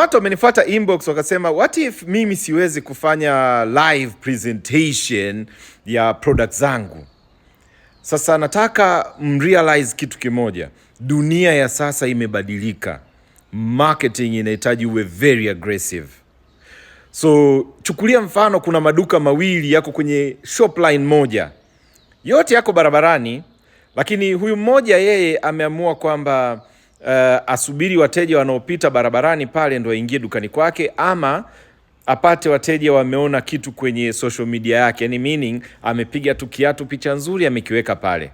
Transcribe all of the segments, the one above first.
Watu wamenifuata inbox wakasema what if mimi siwezi kufanya live presentation ya product zangu. Sasa nataka mrealize kitu kimoja, dunia ya sasa imebadilika, marketing inahitaji uwe very aggressive. So chukulia mfano, kuna maduka mawili yako kwenye shop line moja, yote yako barabarani, lakini huyu mmoja yeye ameamua kwamba uh, asubiri wateja wanaopita barabarani pale ndo aingie dukani kwake ama apate wateja wameona kitu kwenye social media yake, yani meaning amepiga tu kiatu picha nzuri amekiweka pale.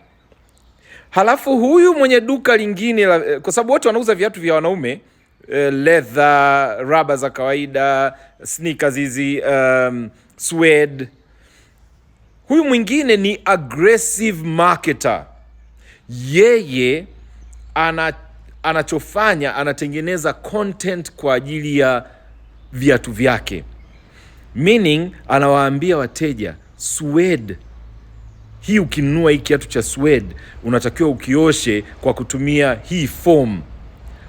Halafu huyu mwenye duka lingine la, eh, kwa sababu wote wanauza viatu vya wanaume uh, leather, raba za kawaida, sneakers hizi, um, suede. Huyu mwingine ni aggressive marketer, yeye ana anachofanya anatengeneza content kwa ajili ya viatu vyake, meaning anawaambia wateja suede hii, ukinunua hii kiatu cha suede unatakiwa ukioshe kwa kutumia hii foam,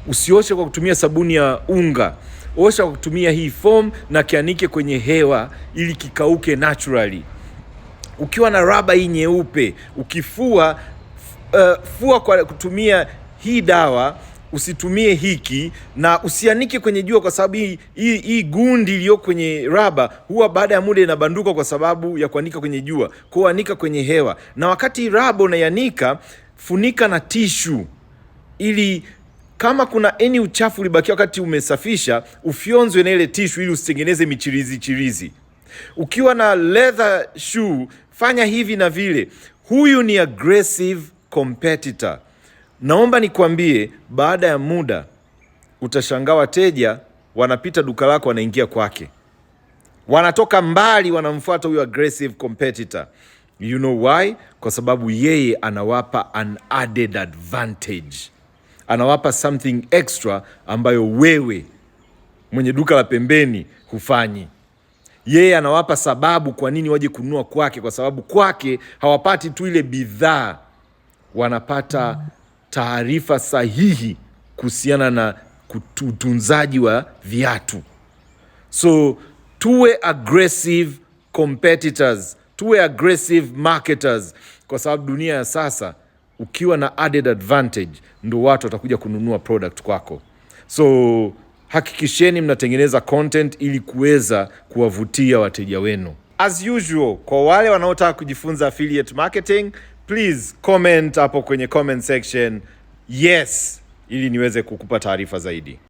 usioshe kwa kutumia sabuni ya unga, osha kwa kutumia hii foam na kianike kwenye hewa ili kikauke naturally. Ukiwa na raba hii nyeupe ukifua, uh, fua kwa kutumia hii dawa usitumie hiki na usianike kwenye jua, kwa sababu hii, hii, hii gundi iliyo kwenye raba huwa baada ya muda inabanduka kwa sababu ya kuanika kwenye jua. Kwa anika kwenye hewa, na wakati raba unayanika, funika na tishu ili kama kuna eni uchafu ulibakia wakati umesafisha ufyonzwe na ile tishu, ili usitengeneze michirizi chirizi. Ukiwa na leather shoe fanya hivi na vile. Huyu ni aggressive competitor. Naomba nikuambie, baada ya muda utashangaa wateja wanapita duka lako, wanaingia kwake, wanatoka mbali, wanamfuata huyo aggressive competitor. You know why? Kwa sababu yeye anawapa an added advantage, anawapa something extra ambayo wewe mwenye duka la pembeni hufanyi. Yeye anawapa sababu kwa nini waje kununua kwake, kwa sababu kwake hawapati tu ile bidhaa, wanapata taarifa sahihi kuhusiana na utunzaji wa viatu. So tuwe aggressive competitors, tuwe aggressive marketers, kwa sababu dunia ya sasa ukiwa na added advantage ndo watu watakuja kununua product kwako. So hakikisheni mnatengeneza content ili kuweza kuwavutia wateja wenu. As usual, kwa wale wanaotaka kujifunza affiliate marketing please comment hapo kwenye comment section yes, ili niweze kukupa taarifa zaidi.